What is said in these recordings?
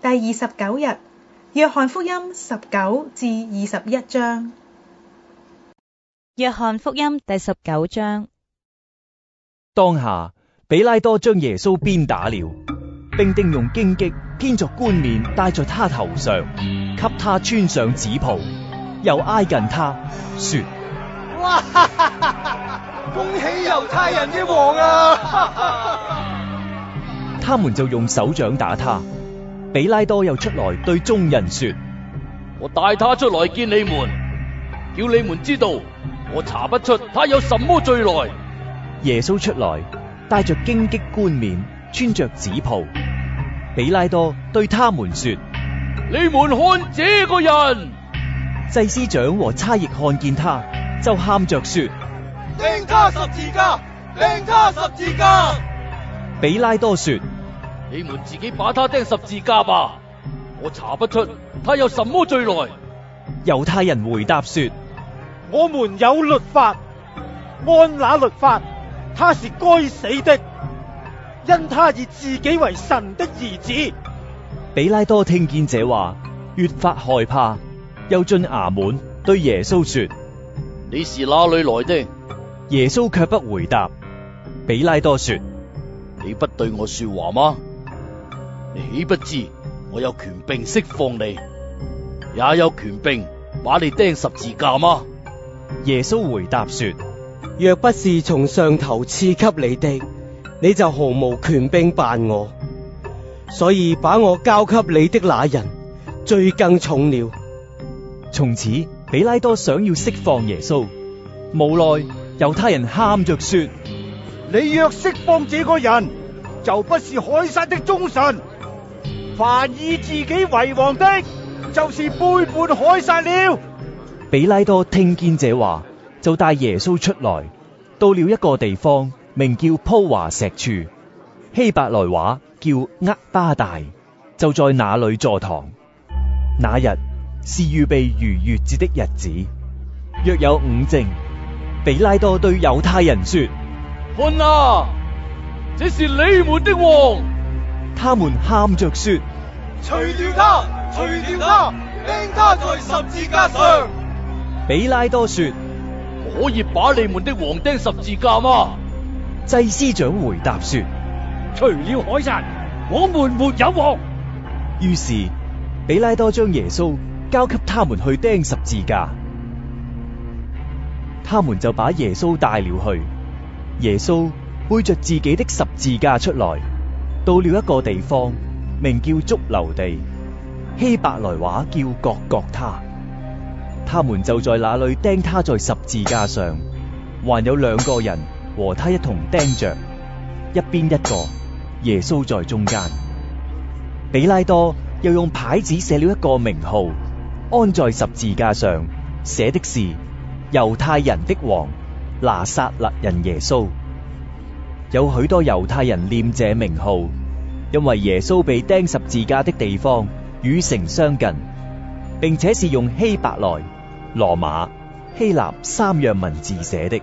第二十九日，約翰福音十九至二十一章。約翰福音第十九章。當下，彼拉多將耶穌鞭打了，兵丁用荊棘編作冠冕戴在他頭上，給他穿上紫袍，又挨近他說：哇，恭喜猶太人的王啊！哈哈 他們就用手掌打他。比拉多又出來對眾人說：我帶他出來見你們，叫你們知道我查不出他有什麼罪來。耶穌出來，帶着荊棘冠冕，穿着紫袍。比拉多對他們說：你們看這個人。祭司長和差役看見他，就喊着說：釘他十字架！釘他十字架！比拉多說。你們自己把他釘十字架吧，啊！我查不出他有什麼罪來。猶太人回答說：我們有律法，按那律法，他是該死的，因他以自己為神的兒子。比拉多聽見這話，越發害怕，又進衙門對耶穌說：你是哪裏來的？耶穌卻不回答。比拉多說：你不對我說話嗎？你豈不知我有權柄釋放你，也有權柄把你釘十字架嗎？耶穌回答說：若不是從上頭賜給你的，你就毫無權柄辦我。所以把我交給你的那人罪更重了。從此，比拉多想要釋放耶穌，無奈猶太人喊着說：你若釋放這個人，就不是凱撒的忠臣。凡以自己為王的，就是背叛海撒了。彼拉多聽見這話，就帶耶穌出來，到了一個地方，名叫鋪華石處，希伯來話叫厄巴大，就在那裏坐堂。那日是預備逾越節的日子。約有午正，彼拉多對猶太人說：看啊，這是你們的王。他們喊着說。除掉他，除掉他，釘他在十字架上。彼拉多說：「我可以把你們的王釘十字架嗎？祭司長回答說：「除了凱撒，我們沒有王。於是彼拉多將耶穌交給他們去釘十字架，他們就把耶穌帶了去。耶穌背着自己的十字架出來，到了一個地方。名叫髑髏地，希伯來話叫各各他。他們就在那裏釘他在十字架上，還有兩個人和他一同釘着，一邊一個。耶穌在中間。比拉多又用牌子寫了一個名號，安在十字架上，寫的是猶太人的王拿撒勒人耶穌。有許多猶太人念這名號。因為耶穌被釘十字架的地方與城相近，並且是用希伯來、羅馬、希臘三樣文字寫的。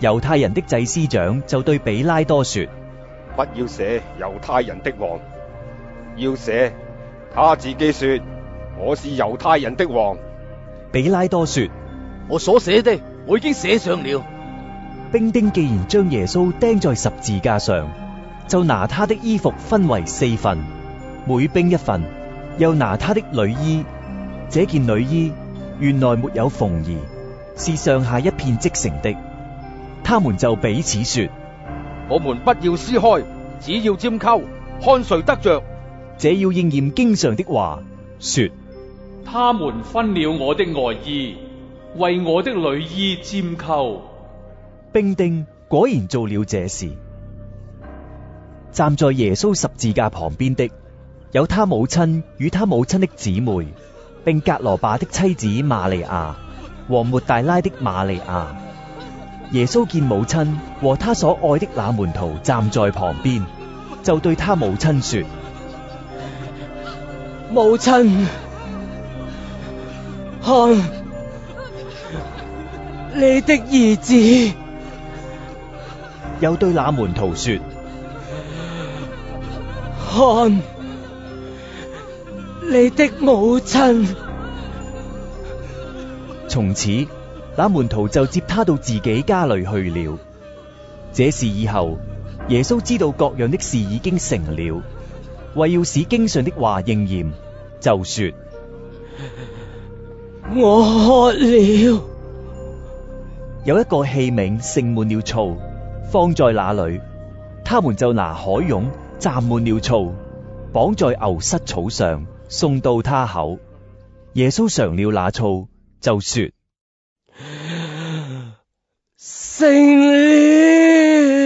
猶太人的祭司長就對比拉多說：不要寫猶太人的王，要寫他自己說我是猶太人的王。比拉多說：我所寫的我已經寫上了。兵丁既然將耶穌釘在十字架上。就拿他的衣服分為四份，每兵一份。又拿他的女衣，這件女衣原來沒有縫兒，是上下一片織成的。他們就彼此說：我們不要撕開，只要拈鬮，看誰得着。這要應驗經上的話，說：他們分了我的外衣，為我的女衣拈鬮。兵丁果然做了這事。站在耶穌十字架旁邊的有他母親與他母親的姊妹，並革羅巴的妻子瑪利亞和抹大拉的瑪利亞。耶穌見母親和他所愛的那門徒站在旁邊，就對他母親說：母親，看，你的兒子。又對那門徒說。看，你的母親。從此，那門徒就接他到自己家裏去了。這事以後，耶穌知道各樣的事已經成了，為要使經上的話應驗，就說：我渴了。有一個器皿盛滿了醋，放在那裏，他們就拿海湧，站滿了醋，綁在牛膝草上，送到他口。耶穌嘗了那醋，就說：成了！」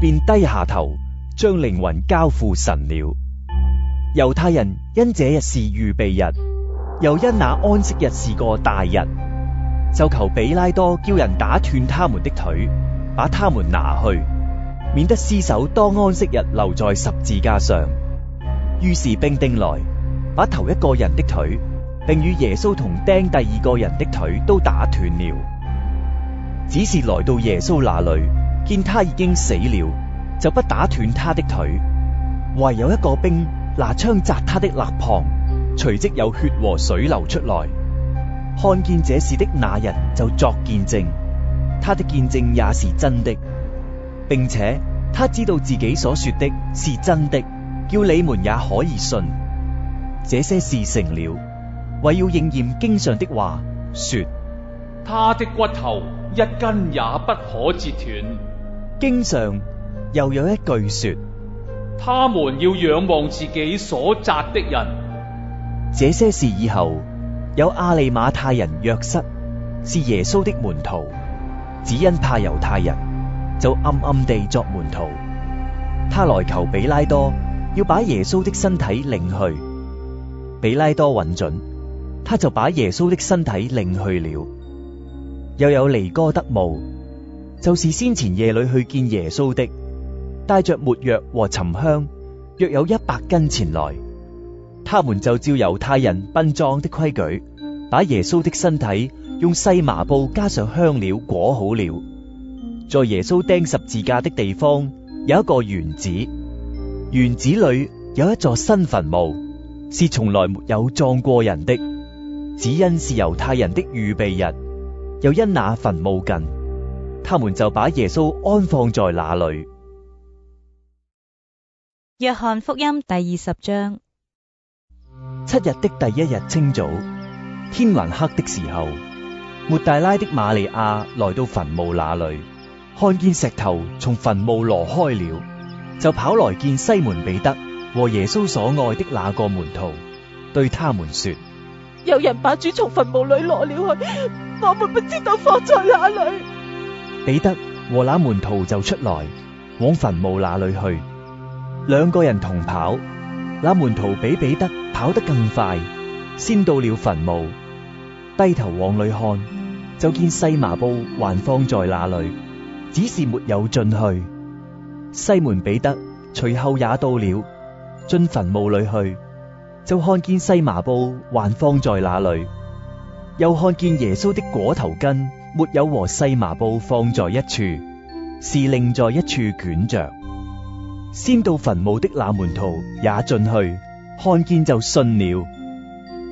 便低下頭，將靈魂交付神了。猶太人因這日是預備日，又因那安息日是個大日，就求彼拉多叫人打斷他們的腿，把他們拿去。免得屍首當安息日留在十字架上，於是兵丁來把頭一個人的腿，並與耶穌同釘第二個人的腿都打斷了。只是來到耶穌那裏，見他已經死了，就不打斷他的腿，唯有一個兵拿槍扎他的肋旁，隨即有血和水流出來。看見這事的那人，就作見證，他的見證也是真的。並且他知道自己所說的是真的，叫你們也可以信。這些事成了，為要應驗經上的話，說他的骨頭一根也不可折斷。經上又有一句說：他們要仰望自己所扎的人。這些事以後，有亞利馬太人約瑟是耶穌的門徒，只因怕猶太人。就暗暗地作門徒，他來求彼拉多，要把耶穌的身體領去。彼拉多允准，他就把耶穌的身體領去了。又有尼哥底母，就是先前夜裏去見耶穌的，帶着沒藥和沉香，約有一百斤前來。他們就照猶太人殯葬的規矩，把耶穌的身體用細麻布加上香料裹好了。在耶穌釘十字架的地方有一個園子，園子裏有一座新墳墓，是從來沒有葬過人的。只因是猶太人的預備日，又因那墳墓近，他們就把耶穌安放在那裏。約翰福音第二十章：七日的第一日清早，天還黑的時候，抹大拉的馬利亞來到墳墓那裏。看見石頭從墳墓挪開了，就跑來見西門彼得和耶穌所愛的那個門徒，對他們說：有人把主從墳墓裏挪了去，我們不知道放在哪裏。彼得和那門徒就出來往墳墓那裏去，兩個人同跑，那門徒比彼得跑得更快，先到了墳墓，低頭往裏看，就見細麻布還放在那裏。只是沒有進去。西門彼得隨後也到了，進墳墓裡去，就看見細麻布還放在那裡，又看見耶穌的裹頭巾，沒有和細麻布放在一處，是另在一處捲着。先到墳墓的那門徒也進去，看見就信了，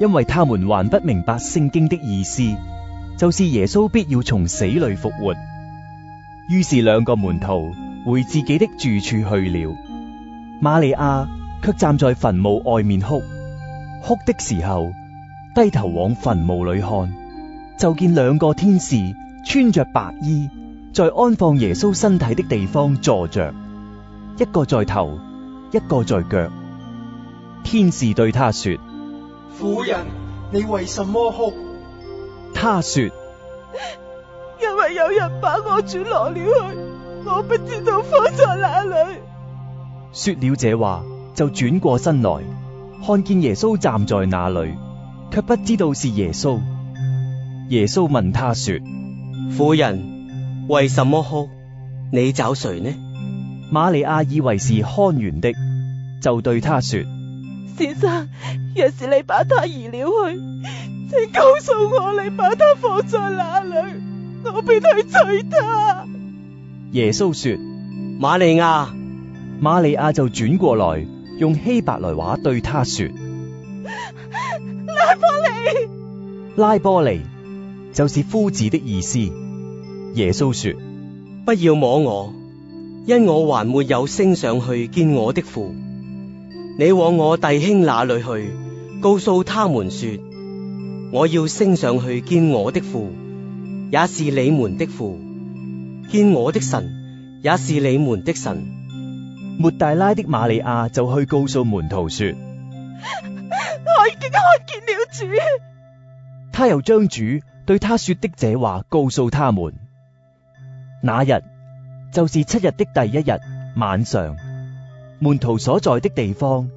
因為他們還不明白聖經的意思，就是耶穌必要從死裡復活。於是兩個門徒回自己的住處去了，瑪利亞却站在墳墓外面哭。哭的時候，低頭往墳墓裏看，就見兩個天使穿着白衣，在安放耶穌身體的地方坐着，一個在頭，一個在腳。天使對他說：「婦人，你為什麼哭？」他說。 因為有人把我轉落了去，我不知道放在哪裏。說了這話就轉過身來，看見耶穌站在那裏，卻不知道是耶穌。耶穌問他說：婦人，為什麼哭？你找誰呢？瑪利亞以為是看園的，就對他說：先生，若是你把他移了去，請告訴我你把他放在哪裏。便去取他。耶穌說：馬利亞，馬利亞就轉過來用希伯來話對他說：拉波尼，拉波尼就是夫子的意思。耶穌說：不要摸我，因我還沒有升上去見我的父。你往我弟兄那裏去，告訴他們說：我要升上去見我的父。也是你們的父，見我的神也是你們的神。抹大拉的馬利亞就去告訴門徒說： 我已經看見了主。他又將主對他說的這話告訴他們。那日就是七日的第一日晚上，門徒所在的地方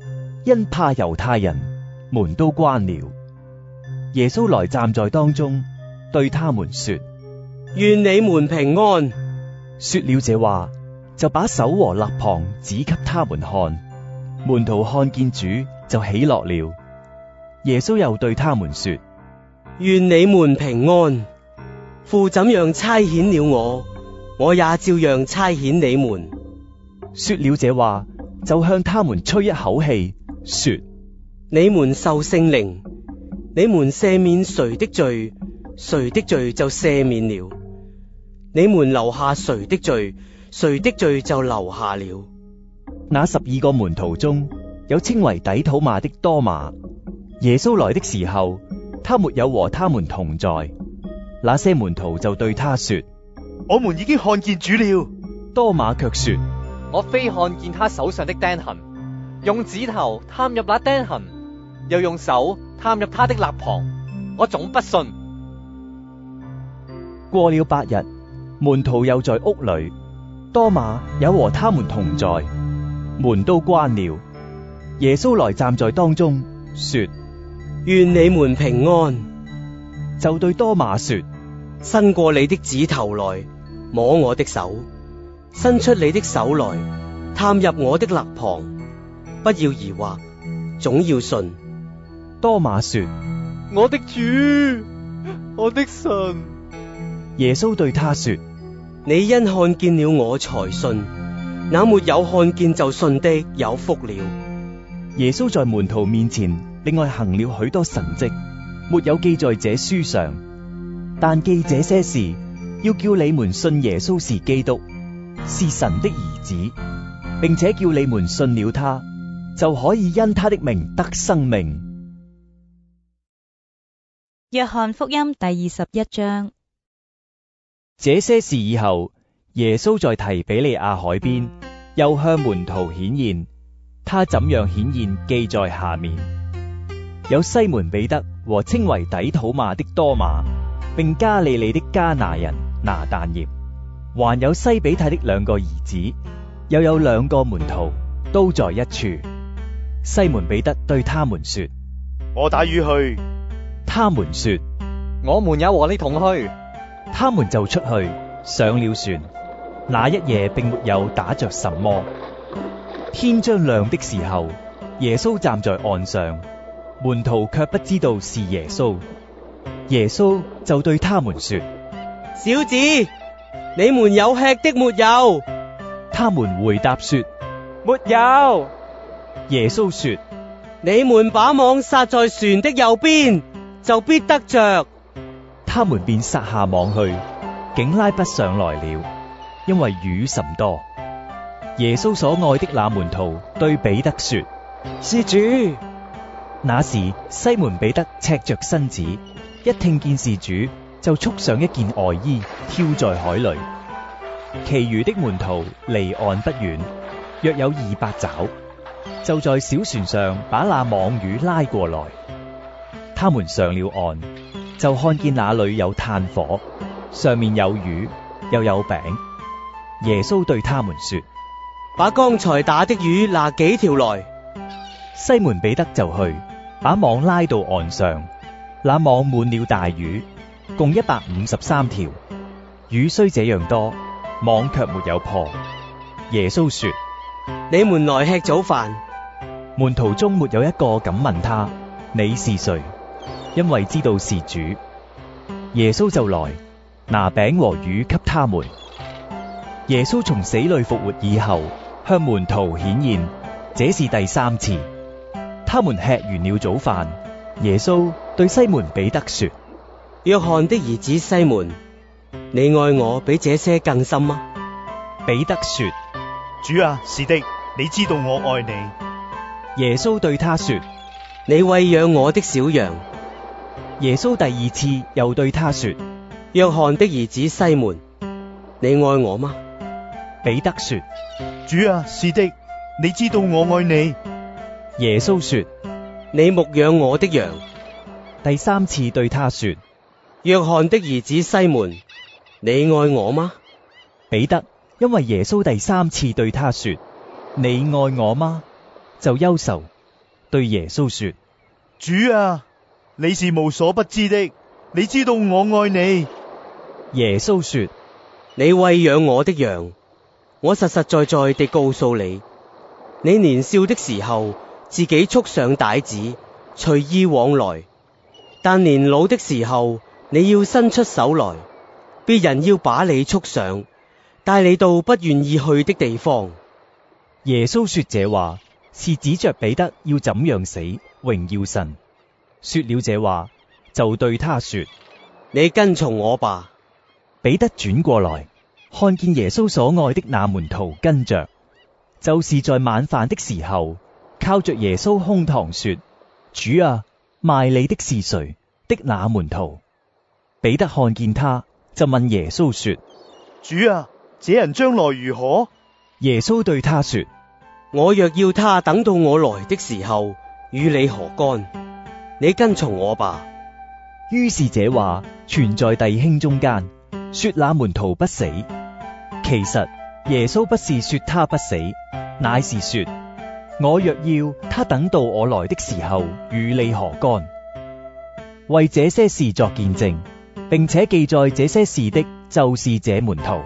因怕猶太人，門都關了。耶穌來站在當中，對他們說。願你們平安。說了這話，就把手和肋旁指給他們看。門徒看見主就喜樂了。耶穌又對他們說：願你們平安。父怎樣差遣了我，我也照樣差遣你們。說了這話，就向他們吹一口氣，說：你們受聖靈。你們赦免誰的罪，誰的罪就赦免了。你們留下誰的罪，誰的罪就留下了。那十二個門徒中有稱為底土馬的多馬，耶穌來的時候，他沒有和他們同在。那些門徒就對他說：我們已經看見主了。多馬卻說：我非看見他手上的釘痕，用指頭探入那釘痕，又用手探入他的肋旁，我總不信。過了八日。門徒又在屋裏，多馬有和他們同在。門都關了，耶穌來站在當中，說：願你們平安！就對多馬說：伸過你的指頭來摸我的手，伸出你的手來探入我的肋旁，不要疑惑，總要信。多馬說：我的主，我的神。耶穌對他說：你因看見了我才信，那沒有看見就信的有福了。耶穌在門徒面前另外行了許多神跡，沒有記在這書上。但記這些事，要叫你們信耶穌是基督，是神的兒子，並且叫你們信了他，就可以因他的名得生命。約翰福音第二十一章。這些事以後，耶穌在提比利亞海邊又向門徒顯現，他怎樣顯現，記在下面：有西門彼得和稱為底土馬的多馬，並加利利的加拿人拿但業，還有西比泰的兩個兒子，又有兩個門徒都在一處。西門彼得對他們說：我打魚去。他們說：我們也和你同去。他們就出去，上了船。那一夜並沒有打着什麼。天將亮的時候，耶穌站在岸上，門徒卻不知道是耶穌。耶穌就對他們說：“小子，你們有吃的沒有？”他們回答說：“沒有。”耶穌說：“你們把網撒在船的右邊，就必得着。”他們便撒下網去，竟拉不上來了，因為魚甚多。耶穌所愛的那門徒對彼得說：是主。那時西門彼得赤着身子，一聽見是主，就束上一件外衣，跳在海裏。其餘的門徒離岸不遠，約有二百肘，就在小船上把那網魚拉過來。他們上了岸。就看見那裏有炭火，上面有魚，又有餅。耶穌對他們說：把剛才打的魚拿幾條來。西門彼得就去，把網拉到岸上，那網滿了大魚，共一百五十三條。魚雖這樣多，網卻沒有破。耶穌說：你們來吃早飯。門徒中沒有一個敢問他：你是誰？因為知道是主，耶穌就來拿餅和魚給他們。耶穌從死裏復活以後，向門徒顯現，這是第三次。他們吃完了早飯，耶穌對西門彼得說：約翰的兒子西門，你愛我比這些更深嗎？彼得說：主啊，是的，你知道我愛你。耶穌對他說：你餵養我的小羊。耶穌第二次又對他說：約翰的兒子西門，你愛我嗎？彼得說：主啊，是的，你知道我愛你。耶穌說：你牧養我的羊。第三次對他說：約翰的兒子西門，你愛我嗎？彼得因為耶穌第三次對他說：你愛我嗎？就憂愁對耶穌說：主啊。你是無所不知的，你知道我愛你。耶穌說：你餵養我的羊，我實實在在地告訴你，你年少的時候自己束上帶子，隨意往來；但年老的時候，你要伸出手來，別人要把你束上，帶你到不願意去的地方。耶穌說這話，是指着彼得要怎樣死，榮耀神。說了這話，就對他說：你跟從我吧。彼得轉過來，看見耶穌所愛的那門徒跟着，就是在晚飯的時候，靠着耶穌胸膛說：主啊，賣你的是誰？的那門徒。彼得看見他，就問耶穌說：主啊，這人將來如何？耶穌對他說：我若要他等到我來的時候，與你何干？你跟從我吧。於是這話傳在弟兄中間，說那門徒不死。其實耶穌不是說他不死，乃是說，我若要他等到我來的時候，與你何干？為這些事作見證，並且記載這些事的，就是這門徒。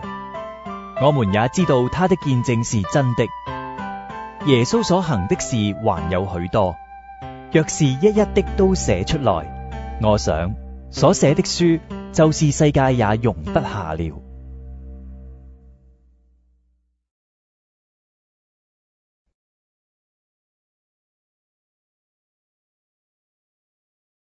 我們也知道他的見證是真的。耶穌所行的事還有許多。若是一一的都寫出來，我想所寫的書就是世界也容不下了。